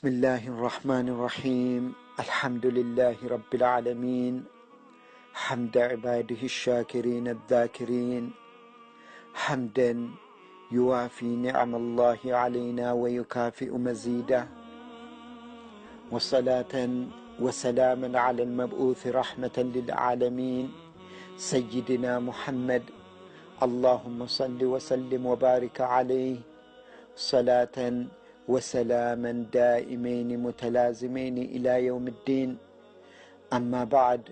بسم الله الرحمن الرحيم الحمد لله رب العالمين حمد عباده الشاكرين الذاكرين حمدا يوافي نعم الله علينا ويكافئ مزيده وصلاه وسلاما على المبعوث رحمه للعالمين سيدنا محمد اللهم صل وسلم وبارك عليه صلاه وسلاما دائمين متلازمين إلى يوم الدين أما بعد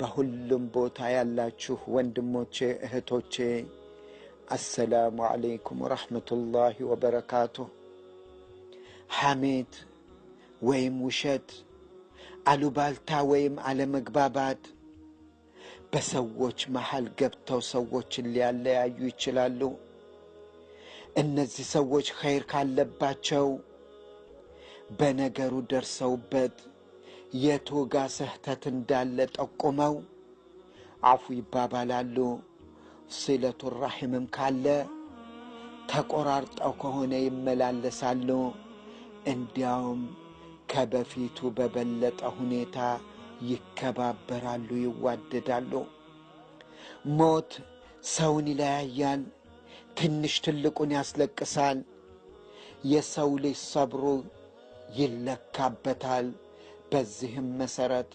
بهلم بوتا يلا تشوه وندموتشي اهتوتشي السلام عليكم ورحمة الله وبركاته حميد ويم وشد ألو بالتا ويم على مقبابات بسووش محل قبتو سووش اللي اللي ايو يتشلالو እነዚህ ሰዎች ኸይር ካለባቸው በነገሩ ደርሰውበት የቶጋ ስህተት እንዳለ ጠቁመው አፉ ይባባላሉ። ስለቱ ራሒምም ካለ ተቆራርጠው ከሆነ ይመላለሳሉ። እንዲያውም ከበፊቱ በበለጠ ሁኔታ ይከባበራሉ፣ ይዋደዳሉ። ሞት ሰውን ይለያያል። ትንሽ ትልቁን ያስለቅሳል። የሰው ልጅ ሰብሩ ይለካበታል። በዚህም መሠረት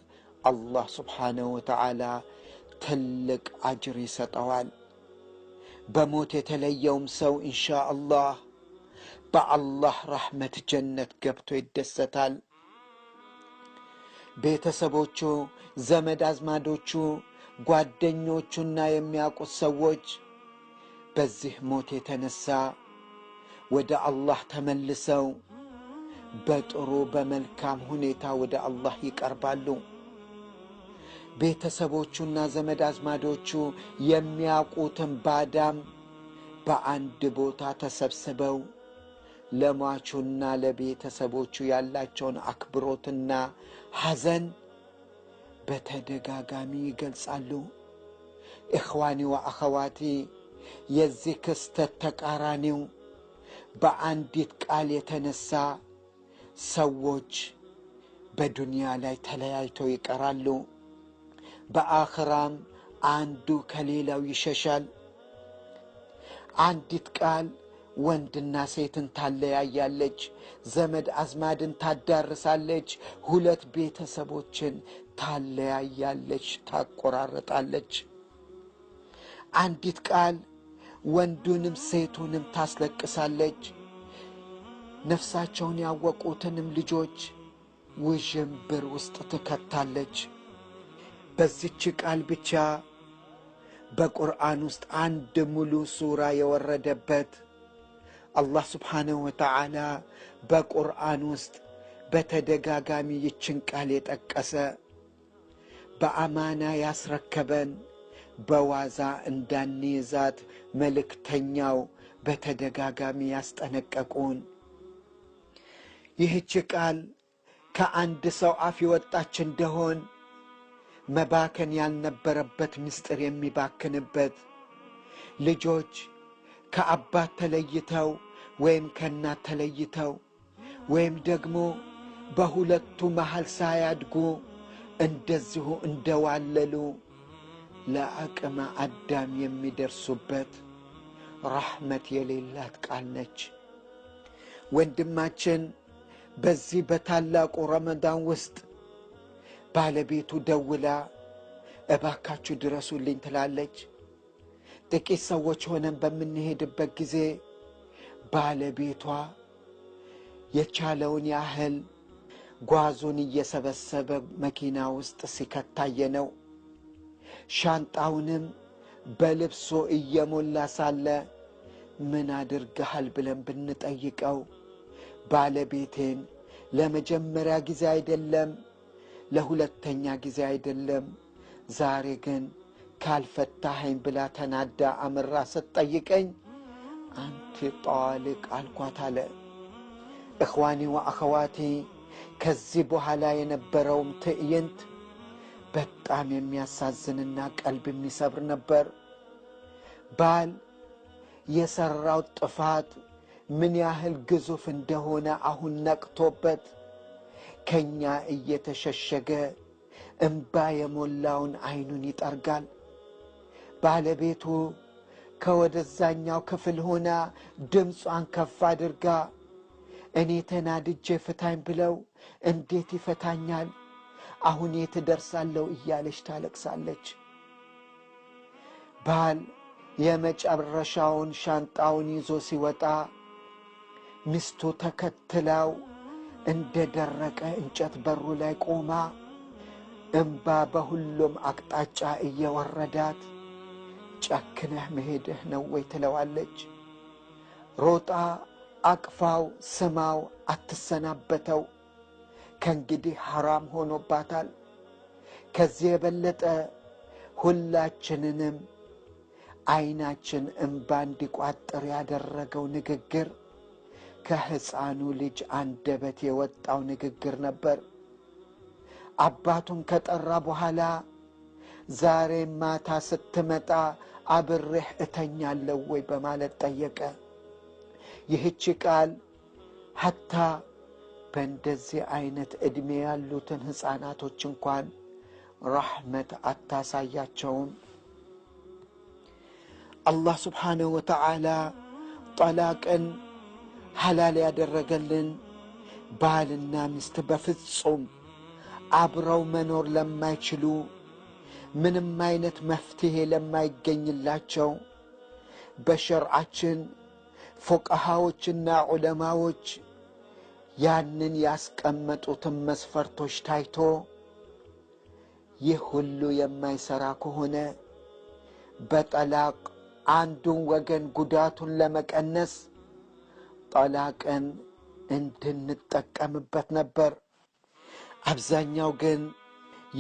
አላህ ስብሓነሁ ወተዓላ ትልቅ አጅር ይሰጠዋል። በሞት የተለየውም ሰው እንሻ አላህ በአላህ ረሕመት ጀነት ገብቶ ይደሰታል። ቤተሰቦቹ፣ ዘመድ አዝማዶቹ፣ ጓደኞቹና የሚያውቁት ሰዎች በዚህ ሞት የተነሳ ወደ አላህ ተመልሰው በጥሩ በመልካም ሁኔታ ወደ አላህ ይቀርባሉ። ቤተሰቦቹና ዘመድ አዝማዶቹ የሚያውቁትን ባዳም በአንድ ቦታ ተሰብስበው ለሟቹና ለቤተሰቦቹ ያላቸውን አክብሮትና ሐዘን በተደጋጋሚ ይገልጻሉ። ኢኽዋኒ ወአኸዋቲ የዚህ ክስተት ተቃራኒው በአንዲት ቃል የተነሳ ሰዎች በዱንያ ላይ ተለያይተው ይቀራሉ። በአኽራም አንዱ ከሌላው ይሸሻል። አንዲት ቃል ወንድና ሴትን ታለያያለች፣ ዘመድ አዝማድን ታዳርሳለች፣ ሁለት ቤተሰቦችን ታለያያለች፣ ታቆራረጣለች። አንዲት ቃል ወንዱንም ሴቱንም ታስለቅሳለች። ነፍሳቸውን ያወቁትንም ልጆች ውዥንብር ውስጥ ትከታለች። በዚች ቃል ብቻ በቁርአን ውስጥ አንድ ሙሉ ሱራ የወረደበት አላህ ስብሓንሁ ወተዓላ በቁርአን ውስጥ በተደጋጋሚ ይችን ቃል የጠቀሰ በአማና ያስረከበን በዋዛ እንዳንይዛት መልእክተኛው በተደጋጋሚ ያስጠነቀቁን። ይህች ቃል ከአንድ ሰው አፍ የወጣች እንደሆን መባከን ያልነበረበት ምስጢር የሚባክንበት ልጆች ከአባት ተለይተው ወይም ከእናት ተለይተው ወይም ደግሞ በሁለቱ መሃል ሳያድጉ እንደዚሁ እንደዋለሉ ለአቅመ አዳም የሚደርሱበት ራህመት የሌላት ቃል ነች። ወንድማችን በዚህ በታላቁ ረመዳን ውስጥ ባለቤቱ ደውላ እባካችሁ ድረሱልኝ ትላለች። ጥቂት ሰዎች ሆነን በምንሄድበት ጊዜ ባለቤቷ የቻለውን ያህል ጓዙን እየሰበሰበ መኪና ውስጥ ሲከታየ ነው። ሻንጣውንም በልብሶ እየሞላ ሳለ ምን አድርገሃል ብለን ብንጠይቀው ባለቤቴን ለመጀመሪያ ጊዜ አይደለም፣ ለሁለተኛ ጊዜ አይደለም፣ ዛሬ ግን ካልፈታኸኝ ብላ ተናዳ አምራ ስትጠይቀኝ አንቲ ጣሊቅ አልኳት አለ። እኽዋኒ ወአኸዋቲ ከዚህ በኋላ የነበረውም ትዕይንት በጣም የሚያሳዝንና ቀልብ የሚሰብር ነበር። ባል የሰራው ጥፋት ምን ያህል ግዙፍ እንደሆነ አሁን ነቅቶበት ከኛ እየተሸሸገ እምባ የሞላውን አይኑን ይጠርጋል። ባለቤቱ ከወደዛኛው ክፍል ሆና ድምጿን ከፍ አድርጋ እኔ ተናድጄ ፍታኝ ብለው እንዴት ይፈታኛል? አሁን የት ደርሳለሁ እያለች ታለቅሳለች። ባል የመጨረሻውን ሻንጣውን ይዞ ሲወጣ ሚስቱ ተከትላው እንደ ደረቀ እንጨት በሩ ላይ ቆማ እምባ በሁሉም አቅጣጫ እየወረዳት ጨክነህ መሄድህ ነው ወይ ትለዋለች። ሮጣ አቅፋው ስማው፣ አትሰናበተው። ከእንግዲህ ሐራም ሆኖባታል። ከዚህ የበለጠ ሁላችንንም ዓይናችን እምባ እንዲቋጥር ያደረገው ንግግር ከሕፃኑ ልጅ አንደበት የወጣው ንግግር ነበር። አባቱን ከጠራ በኋላ ዛሬ ማታ ስትመጣ አብሬህ እተኛለሁ ወይ በማለት ጠየቀ። ይህች ቃል ሐታ በእንደዚህ አይነት ዕድሜ ያሉትን ሕፃናቶች እንኳን ራሕመት አታሳያቸውም። አላህ ስብሓንሁ ወተዓላ ጠላቅን ሐላል ያደረገልን ባልና ሚስት በፍጹም አብረው መኖር ለማይችሉ ምንም አይነት መፍትሔ ለማይገኝላቸው በሸርዓችን ፉቀሃዎችና ዑለማዎች ያንን ያስቀመጡትን መስፈርቶች ታይቶ ይህ ሁሉ የማይሰራ ከሆነ በጠላቅ አንዱን ወገን ጉዳቱን ለመቀነስ ጠላቅን እንድንጠቀምበት ነበር። አብዛኛው ግን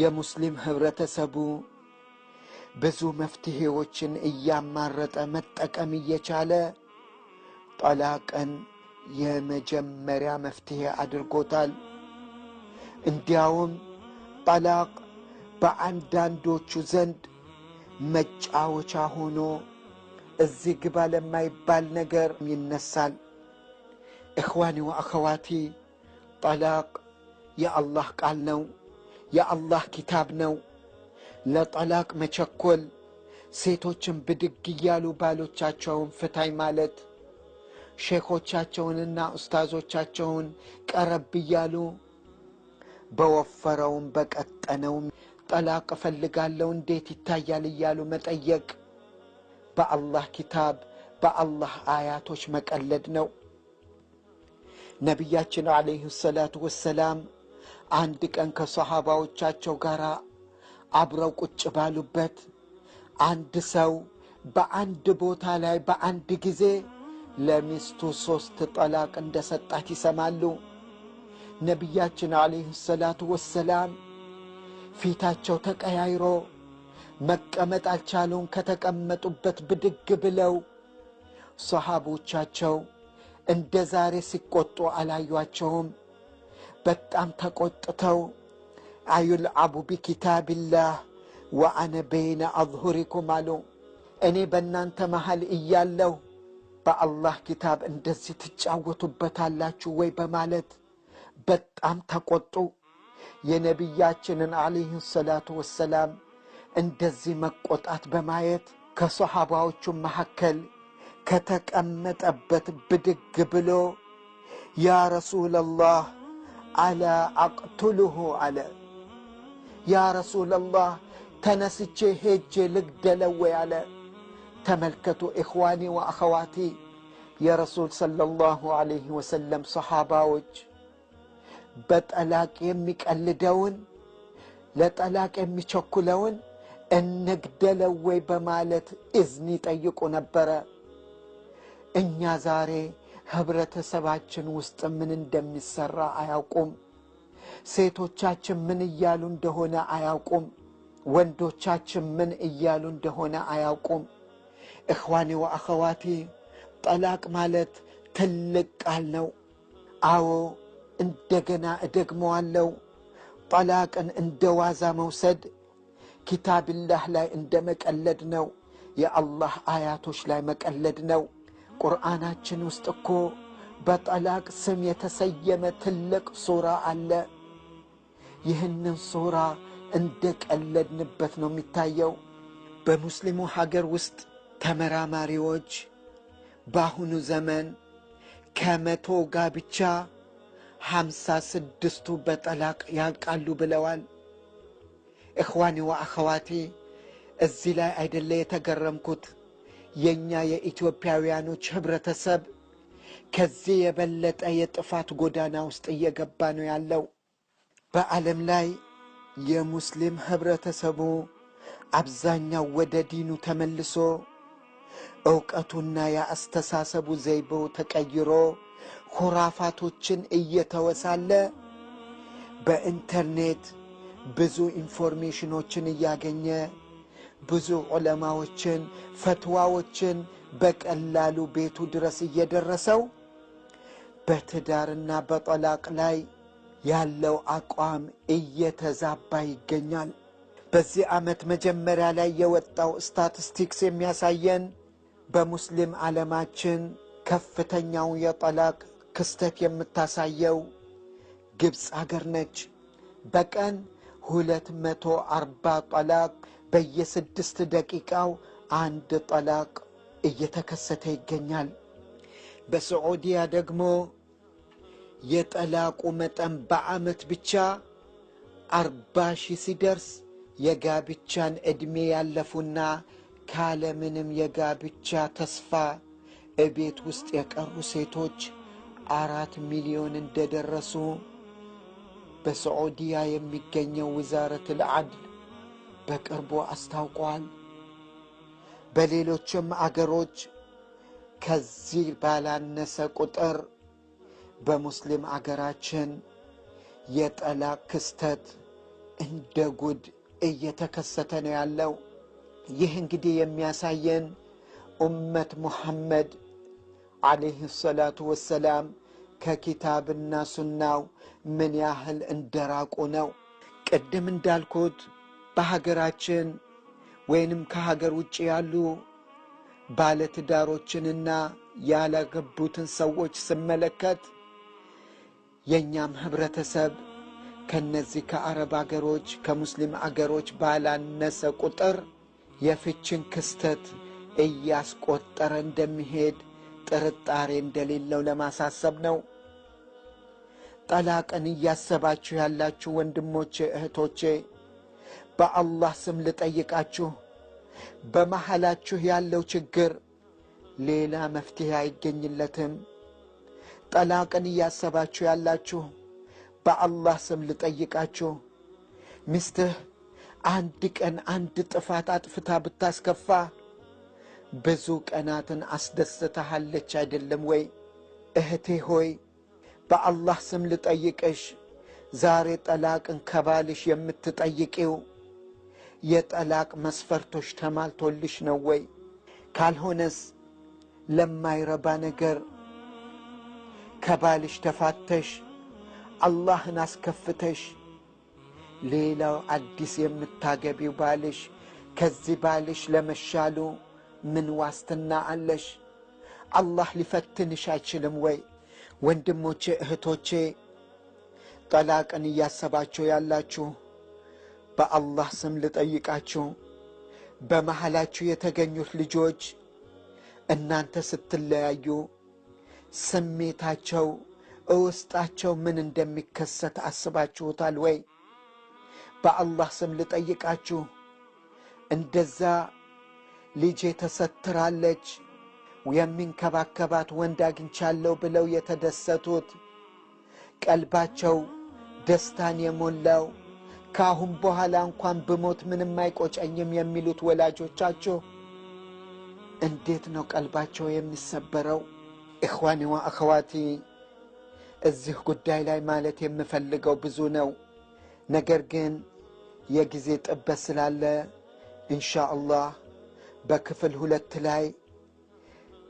የሙስሊም ህብረተሰቡ ብዙ መፍትሄዎችን እያማረጠ መጠቀም እየቻለ ጠላቅን የመጀመሪያ መፍትሔ አድርጎታል። እንዲያውም ጠላቅ በአንዳንዶቹ ዘንድ መጫወቻ ሆኖ እዚህ ግባ ለማይባል ነገር ይነሳል። እኽዋኒ ወአኸዋቲ ጠላቅ የአላህ ቃል ነው፣ የአላህ ኪታብ ነው። ለጠላቅ መቸኮል ሴቶችን ብድግ እያሉ ባሎቻቸውን ፍታይ ማለት ሼኮቻቸውንና ኡስታዞቻቸውን ቀረብ እያሉ በወፈረውም በቀጠነውም ጠላቅ እፈልጋለሁ እንዴት ይታያል እያሉ መጠየቅ በአላህ ኪታብ በአላህ አያቶች መቀለድ ነው። ነቢያችን ዓለይህ ሰላቱ ወሰላም አንድ ቀን ከሰሓባዎቻቸው ጋር አብረው ቁጭ ባሉበት አንድ ሰው በአንድ ቦታ ላይ በአንድ ጊዜ ለሚስቱ ሦስት ጠላቅ እንደ ሰጣት ይሰማሉ። ነቢያችን ዓለይህ ሰላቱ ወሰላም ፊታቸው ተቀያይሮ መቀመጥ አልቻሉን ከተቀመጡበት ብድግ ብለው ሰሃቦቻቸው እንደ ዛሬ ሲቆጡ አላዩአቸውም። በጣም ተቆጥተው አዩልዓቡ ቢኪታቢላህ ወአነ በይነ አዝሁሪኩም አሉ። እኔ በእናንተ መሃል እያለሁ በአላህ ኪታብ እንደዚህ ትጫወቱበታላችሁ ወይ በማለት በጣም ተቆጡ። የነቢያችንን አለይህ ሰላቱ ወሰላም እንደዚህ መቆጣት በማየት ከሰሓባዎቹ መካከል ከተቀመጠበት ብድግ ብሎ ያ ረሱለላህ አለ አቅቱልሁ አለ። ያ ረሱለላህ ተነስቼ ሄጄ ልግደለወይ አለ። ተመልከቱ ኢኽዋኒ ወአኸዋቲ የረሱል ሰለላሁ ዐለይሂ ወሰለም ሰሓባዎች በጠላቅ የሚቀልደውን ለጠላቅ የሚቸኩለውን እንግደለው ወይ በማለት እዝን ይጠይቁ ነበረ። እኛ ዛሬ ህብረተሰባችን ውስጥ ምን እንደሚሰራ አያውቁም። ሴቶቻችን ምን እያሉ እንደሆነ አያውቁም። ወንዶቻችን ምን እያሉ እንደሆነ አያውቁም። እኽዋኔ ወአኸዋቲ ጠላቅ ማለት ትልቅ ቃል ነው። አዎ እንደገና እደግመዋለው። ጠላቅን እንደ ዋዛ መውሰድ ኪታብላህ ላይ እንደ መቀለድ ነው። የአላህ አያቶች ላይ መቀለድ ነው። ቁርአናችን ውስጥ እኮ በጠላቅ ስም የተሰየመ ትልቅ ሱራ አለ። ይህንን ሱራ እንደ ቀለድንበት ነው የሚታየው። በሙስሊሙ ሀገር ውስጥ ተመራማሪዎች በአሁኑ ዘመን ከመቶ ጋብቻ ሀምሳ ስድስቱ በጠላቅ ያልቃሉ ብለዋል። እኽዋኔ ወአኸዋቲ እዚህ ላይ አይደለ የተገረምኩት የእኛ የኢትዮጵያውያኖች ህብረተሰብ ከዚህ የበለጠ የጥፋት ጎዳና ውስጥ እየገባ ነው ያለው። በዓለም ላይ የሙስሊም ህብረተሰቡ አብዛኛው ወደ ዲኑ ተመልሶ እውቀቱና የአስተሳሰቡ ዘይቤው ተቀይሮ ሁራፋቶችን እየተወሳለ በኢንተርኔት ብዙ ኢንፎርሜሽኖችን እያገኘ ብዙ ዑለማዎችን፣ ፈትዋዎችን በቀላሉ ቤቱ ድረስ እየደረሰው በትዳርና በጠላቅ ላይ ያለው አቋም እየተዛባ ይገኛል። በዚህ ዓመት መጀመሪያ ላይ የወጣው ስታቲስቲክስ የሚያሳየን በሙስሊም ዓለማችን ከፍተኛው የጠላቅ ክስተት የምታሳየው ግብፅ አገር ነች። በቀን 240 ጠላቅ፣ በየስድስት ደቂቃው አንድ ጠላቅ እየተከሰተ ይገኛል። በሰዑዲያ ደግሞ የጠላቁ መጠን በዓመት ብቻ አርባ ሺህ ሲደርስ የጋብቻን ዕድሜ ያለፉና ካለምንም የጋብቻ ተስፋ እቤት ውስጥ የቀሩ ሴቶች አራት ሚሊዮን እንደደረሱ በሰዑዲያ የሚገኘው ውዛረት ልዓድል በቅርቡ አስታውቋል። በሌሎችም አገሮች ከዚህ ባላነሰ ቁጥር በሙስሊም አገራችን የጠላቅ ክስተት እንደ ጉድ እየተከሰተ ነው ያለው። ይህ እንግዲህ የሚያሳየን ኡመት ሙሐመድ አለይህ ሰላቱ ወሰላም ከኪታብና ሱናው ምን ያህል እንደራቁ ነው። ቅድም እንዳልኩት በሀገራችን ወይንም ከሀገር ውጭ ያሉ ባለትዳሮችንና ያላገቡትን ሰዎች ስመለከት የእኛም ህብረተሰብ ከነዚህ ከአረብ አገሮች ከሙስሊም አገሮች ባላነሰ ቁጥር የፍችን ክስተት እያስቆጠረ እንደሚሄድ ጥርጣሬ እንደሌለው ለማሳሰብ ነው። ጠላቅን እያሰባችሁ ያላችሁ ወንድሞቼ፣ እህቶቼ በአላህ ስም ልጠይቃችሁ፣ በመሐላችሁ ያለው ችግር ሌላ መፍትሄ አይገኝለትም። ጠላቅን እያሰባችሁ ያላችሁ በአላህ ስም ልጠይቃችሁ ሚስትህ አንድ ቀን አንድ ጥፋት አጥፍታ ብታስከፋ ብዙ ቀናትን አስደስተሃለች አይደለም ወይ? እህቴ ሆይ በአላህ ስም ልጠይቅሽ፣ ዛሬ ጠላቅን ከባልሽ የምትጠይቂው የጠላቅ መስፈርቶች ተማልቶልሽ ነው ወይ? ካልሆነስ ለማይረባ ነገር ከባልሽ ተፋተሽ አላህን አስከፍተሽ ሌላው አዲስ የምታገቢው ባልሽ ከዚህ ባልሽ ለመሻሉ ምን ዋስትና አለሽ? አላህ ሊፈትንሽ አይችልም ወይ? ወንድሞቼ እህቶቼ፣ ጠላቅን እያሰባችሁ ያላችሁ በአላህ ስም ልጠይቃችሁ፣ በመሃላችሁ የተገኙት ልጆች እናንተ ስትለያዩ ስሜታቸው እውስጣቸው ምን እንደሚከሰት አስባችሁታል ወይ? በአላህ ስም ልጠይቃችሁ እንደዛ ልጄ ተሰትራለች የሚንከባከባት ወንድ አግኝቻለሁ ብለው የተደሰቱት ቀልባቸው ደስታን የሞላው ከአሁን በኋላ እንኳን ብሞት ምንም አይቆጨኝም የሚሉት ወላጆቻችሁ እንዴት ነው ቀልባቸው የሚሰበረው? ኢኽዋኒ ወአኸዋቲ፣ እዚህ ጉዳይ ላይ ማለት የምፈልገው ብዙ ነው። ነገር ግን የጊዜ ጥበት ስላለ ኢንሻአላህ በክፍል ሁለት ላይ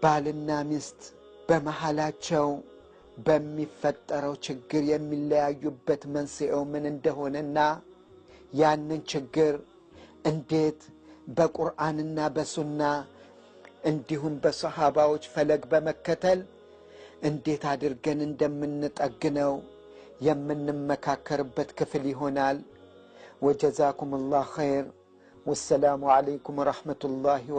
ባልና ሚስት በመሃላቸው በሚፈጠረው ችግር የሚለያዩበት መንስኤው ምን እንደሆነና ያንን ችግር እንዴት በቁርአንና በሱና እንዲሁም በሰሃባዎች ፈለግ በመከተል እንዴት አድርገን እንደምንጠግነው የምንመካከርበት ክፍል ይሆናል። وجزاكم الله خير والسلام عليكم ورحمة الله وبركاته